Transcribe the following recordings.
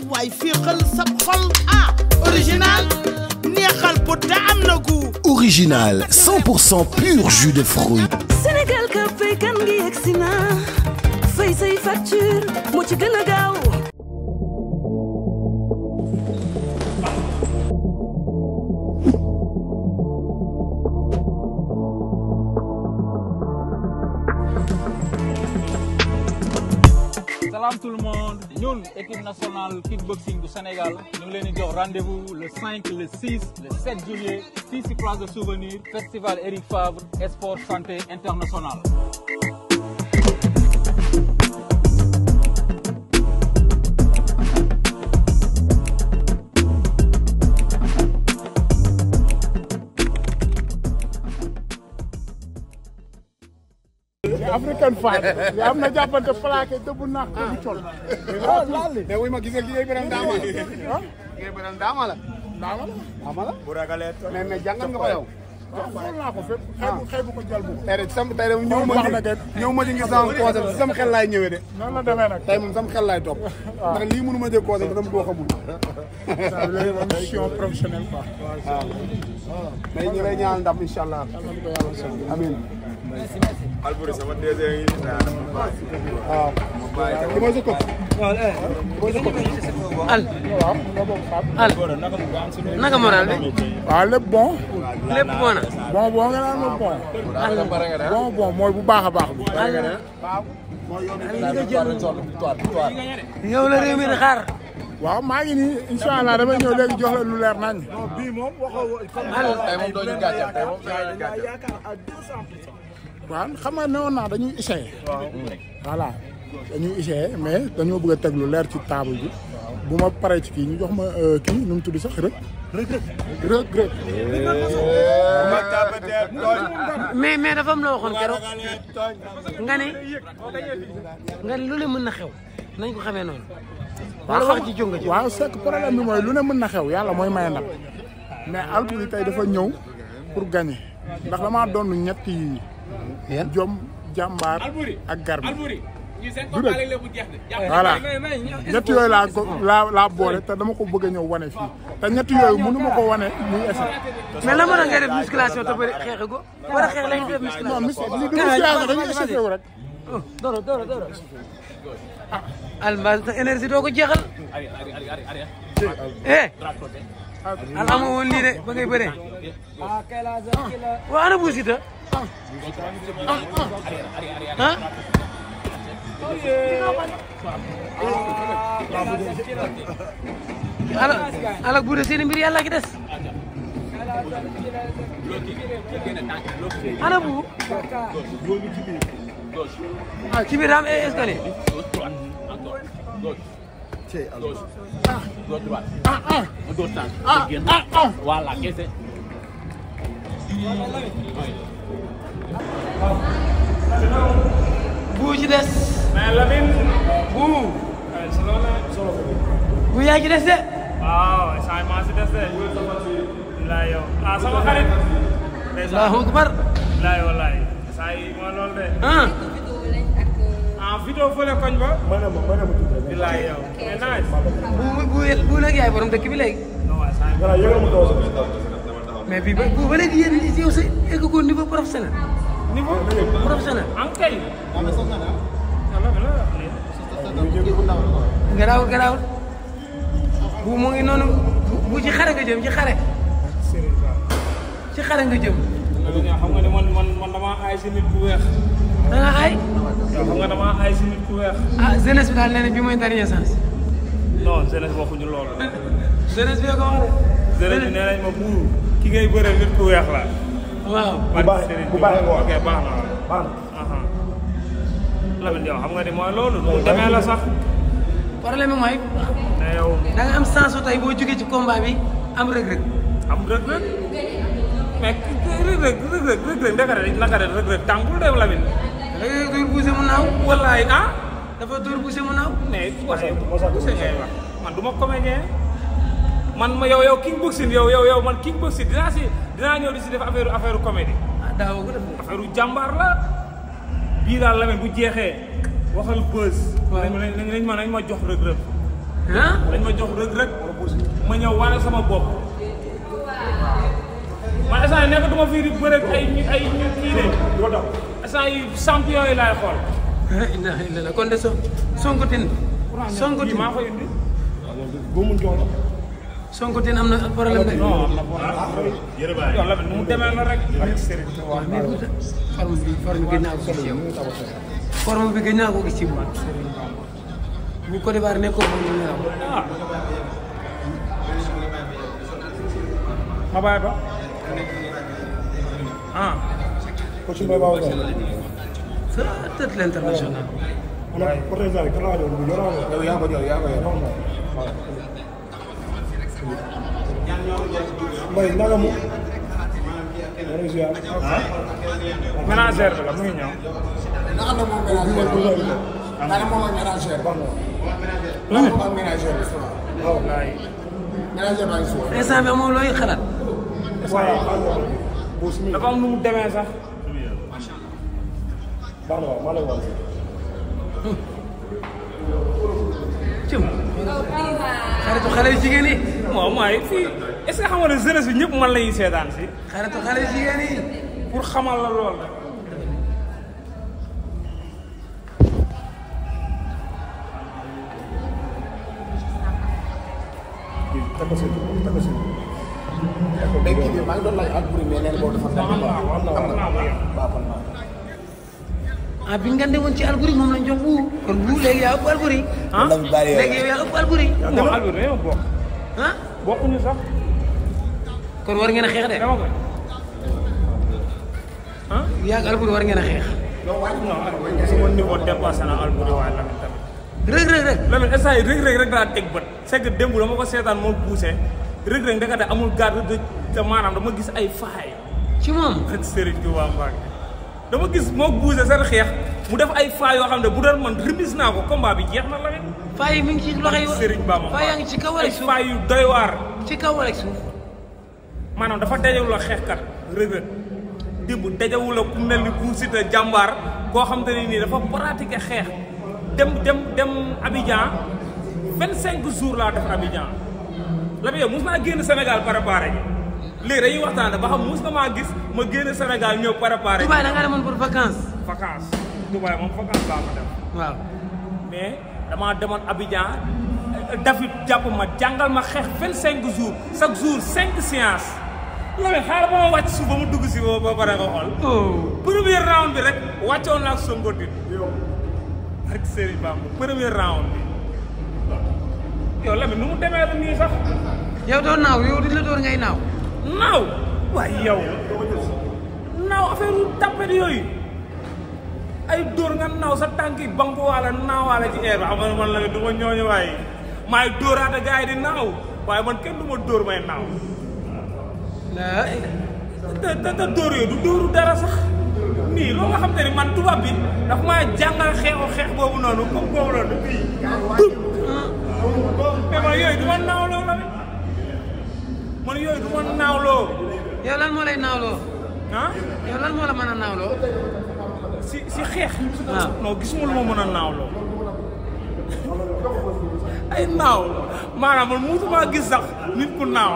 ay waay féexal sab xol ah original neexal pot te am na gu original 100% pur jus de fruits Sénégal ka fay kan gi yegsi na fay say facture moo ci gën a gaaw salaam tout le monde ñun équipe nationale kickboxing du Sénégal ñu ngi leen di jox rendez-vous le 5 le 6 le 7 juillet fii ci place de souvenir festival Eric Favre sport santé international africaine femme bi am na jàppante plaqué dëbb naax dëbb col. ah laale mais wuy ma gisee liggéey bi ren daama la. bu ragalee mais mais jàngal nga ko yow. waaw xool naa ko fépp. Ah. xeebu xeebu ko ma di ñëw ma di nga sama conseil si sam xel laay ñëwee de. noonu la sam xel laay topp. waaw ah. lii mënu ma jël conseil dama koo xamul. ça veut dire mission professionnelle quoi. waaw ah. waaw. Alboury sama DG yi waaw ki mooy sa kopp. waaw mooy sa kopp. Al. Al naka moral bi. waaw ah, lépp bon. lépp bon na. bon bon nga naan ma bon. Al bon bon mooy bu baax a baax bi. Al yow la réew mi di xaar. waaw maa ngi nii incha allah damay ñëw léegi jox la lu leer nañ. non bii moom waxoo. Al tey moom doo ñu gàcce tey moom waaw xam nga newoon naa dañuy essayer. voilà dañuy essayer mais dañoo bëgg a teg leer ci table bi. bu ma paree ci kii ñu jox ma euh, kii nu mu tudd sax rek. rek rek mais mais dafa am la mën na xew nañ ko xamee noonu. wala wax ji jóg waaw c'est que problème bi mooy lu ne mën na xew yàlla mooy may ndam mais alpha yi tey dafa ñëw pour gagner ndax damaa doon ñetti. jom jàmbaar ak garmi voilà ñett yooyu laa ko laa laa boole te dama ko bëgg a ñëw wane fii te ñett yooyu mënu ma ko wane muy essai. mais la mën a ngay def musculation te bëri xeexe ko wala xeex la ñuy def musculation. non musculation dañuy échauffé wu rek. Oh, dooro dooro dooro. ah Alba sa énergie doo ko jeexal. eh. alhamdulilah woon nii de ba ngay bëree. Ah, waaw ana buusita. ah ala ala buuda seen mbir yàlla ki des ana bu ah ci biir daam escalier eh, ah ah ah, ah. bu ci des. bu. bu ci des de. waaw changement si des de. ah sama xarit. allahu akbar. laay walaay. saa yi de. ah. ah vidéo fële koñ ba. mën na bu bu yaay borom dëkk bi léegi. mais bii ba ba léegi yéen yow sa egg niveau professionnel. ankay. garaaw garaaw bu mu ngi noonu bu ci xare nga jëm ci xare. ci xare nga jëm. xam nga ne man man man damaa aay si nit weex. da nga aay. xam nga si nit weex. ah jeunesse bi daal nee na bi mooy dernier chance. non jeunesse waxuñu loolu. jeunesse bi nee nañ ma buur ki ngay bëree nit ku weex la waaw bu baax bu baaxee ko ok baax na baax na. Lamine yow xam nga loolu. mu demee la sax. problème mooy. ne yow. da am sens su tey boo jógee ci combat bi am rëg am rëg-rëg mais rëg-rëg rëg-rëg rëg-rëg de naka de rëg-rëg buuse mu naaw. wallaay ah. dafa dóor buuse mu naaw. mais waaye buuse ngay wax du ma comédien man ma yow yow king boxing yow yow yow man king boxing dinaa si dinaa ñëw di si def affaire affaire comédie. ah daaw ko def affaire jàmbaar la. bii bu jeexee waxal bës. ma jox rëg ma jox ma ñëw wane sama bopp. man instant yii nekkatuma fii di bëreeg ay xool. inna kon de so sonkotin. sonkotin maa koy indi. bu mu jox la. Sonko teen am na problème de. non am na problème yërëbaay yow la bi nu mu demee la rek. ak Serigne waaw mais bu forme bi forme bi gëj naa ko gis yow. forme bi gëj naa ko gis ci moom. bu Côte d'Ivoire nekkoo moom ñu nelaw. ah. ma bàyyi ba. ah. ko ci mbay baaw la. sa tët l'international. yow yaa ko yor yaa ko yor. Mbaye naka mu. ah. ménagère la mu ngi ñëw. naka la moom ménagère bi. naka moom ak ménagère ba. lan la moom ménagère bi sama. waaw laay. ménagère baa ngi suuf. instant bi moom looy xalaat. waaw dafa am nu mu demee sax. baax na waaw maa lay wax. cëm. xaritu xale jigéen yi. waaw maa ngi fii. est ce que xam nga ne jeunesse bi ñëpp man lañuy seetaan si. xaritu xale jigéen yi pour xamal la lool. ah bi ngeen demoon ci Alboury moom lañ jox buur kon buur léegi yaa ëpp Alboury. ah léegi yow yaa ëpp Alboury. yaa ëpp Alboury bokk. ah bokkuñu sax. kon war ngeen a xeex de. ah yàgg Albouri war ngeen a xeex. non waaye non sama niveau dépassé na Albouri waaye Lamine tamit. rëg rëg rëg. rek daa teg bët. c'est que dama ko seetaan moo poussé rëg rëg ndekete amul garde de te dama gis ay faay. ci moom rek dama gis moo buuse seen xeex mu def ay faa yoo xam ne bu doon man remise naa ko bi jeex na la rek. faa yi ngi ci loxo yi Serigne Bamba faa yaa ci kaw rek suuf yu doy waar. ci kaw rek suuf. maanaam dafa dajawul ak xeexkat rëgg-rëgg démb dajawul ak ku mel ni Bou Siteu jàmbaar koo xam te ne nii dafa pratiqué xeex dem dem dem Abidjan vingt cinq jours laa def Abidjan la bi yow mos naa génn Sénégal préparé léegi dañuy waxtaane ba xam mos na maa gis ma génn Sénégal ñëw préparé. Dubaay da nga demoon pour vacances. vacances Dubaay moom vacances laa ma def. waaw mais damaa demoon Abidjan David jàpp ma jàngal ma xeex vingt cinq jours chaque jour cinq séances. yow it xaaral ba ma wàcc mu dugg si ba pare nga xool. Oh. premier round bi rek wàccoon naa ak Sonko dit yow. ak Serigne Bamba premier round bi. yow Lamine nu mu demee rek nii sax. yow doo naaw yow di la door ngay naaw. naaw. waaye yow. ay nga naaw sa tànk yi banku waala naawaale ci air bi xam nga man la du ma ñooñu waaye. maay dóoraata waaye man kenn du ma dóor may naaw. te te te dóor yooyu du dóoru dara sax nii loo nga xam te ni man tubaab bi dafa maa jàngal xeexu xeex boobu noonu comme boobu noonu bii man yooyu du ma naawloo la man yooyu du ma naawloo yow lan moo lay naawloo ah mën a naawloo si si xeex waaw non gisuma lu ma mën a naawloo ay naaw maanaam man musuma gis sax nit ku naaw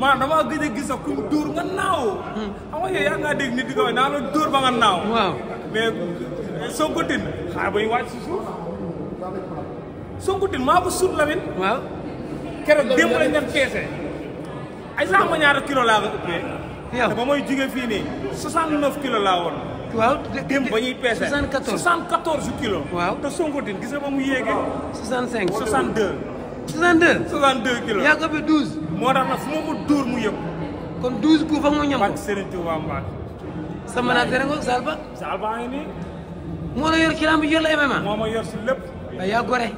maanaam damaa gëj a gis sax dóor nga naaw. Hmm. xam nga yooyu yaa ngaa dégg nit di ko naa la dóor ba nga naaw. waaw mais Sonkotin xaar bay wàcc si suuf Sonkotin maa ko suut Lamine. waaw keroog démb lañ dem peese. ay sax ma ñaata kilo laa ko ëppee. yow te ba may fii nii 69 kilos laa woon. waaw démb ba ñuy peese 74 74 kilos. waaw te Sonkotin gis nga mu yéegee. 65 62. 62. 62 kilos yaa ko bi 12. moo tax nag fu ma ko dóor mu yëpp. kon douze coups fa mu sama ko. man Serigne Touba Mbacke. sa manager moo la yor ci lamb yor la MMA. moo ma yor lépp. waaye yaa gore.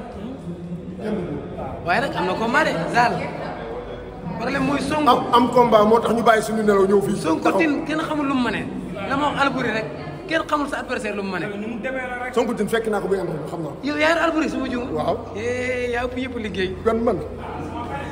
waaye nag am na combat de Zal. problème mooy Sonko am am baa moo tax ñu bàyyi suñu nelaw ñëw fii. Sonko Tine kenn xamul lu mu mënee. la ma wax Albouri rek kenn xamul sa adversaire lu mu mënee. ni mu demee la rek Sonko Tine fekk naa ko ba yàlla xam naa. yow yaa yor Albouri su ma juum. waaw eh, yaa ëpp yëpp liggéey. kon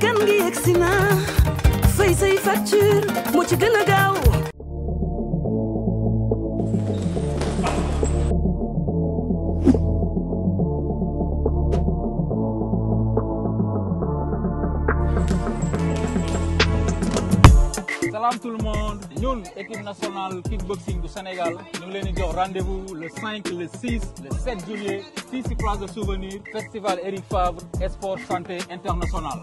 kan gi yegsi na fay say facture moo ci gën a gaaw salaam tout le monde ñun équipe nationale kickboxing bu Sénégal ñu ngi leen di jox rendez-vous le 5 le 6 le 7 juillet fii si place de souvenir festival Eric Favre sport santé international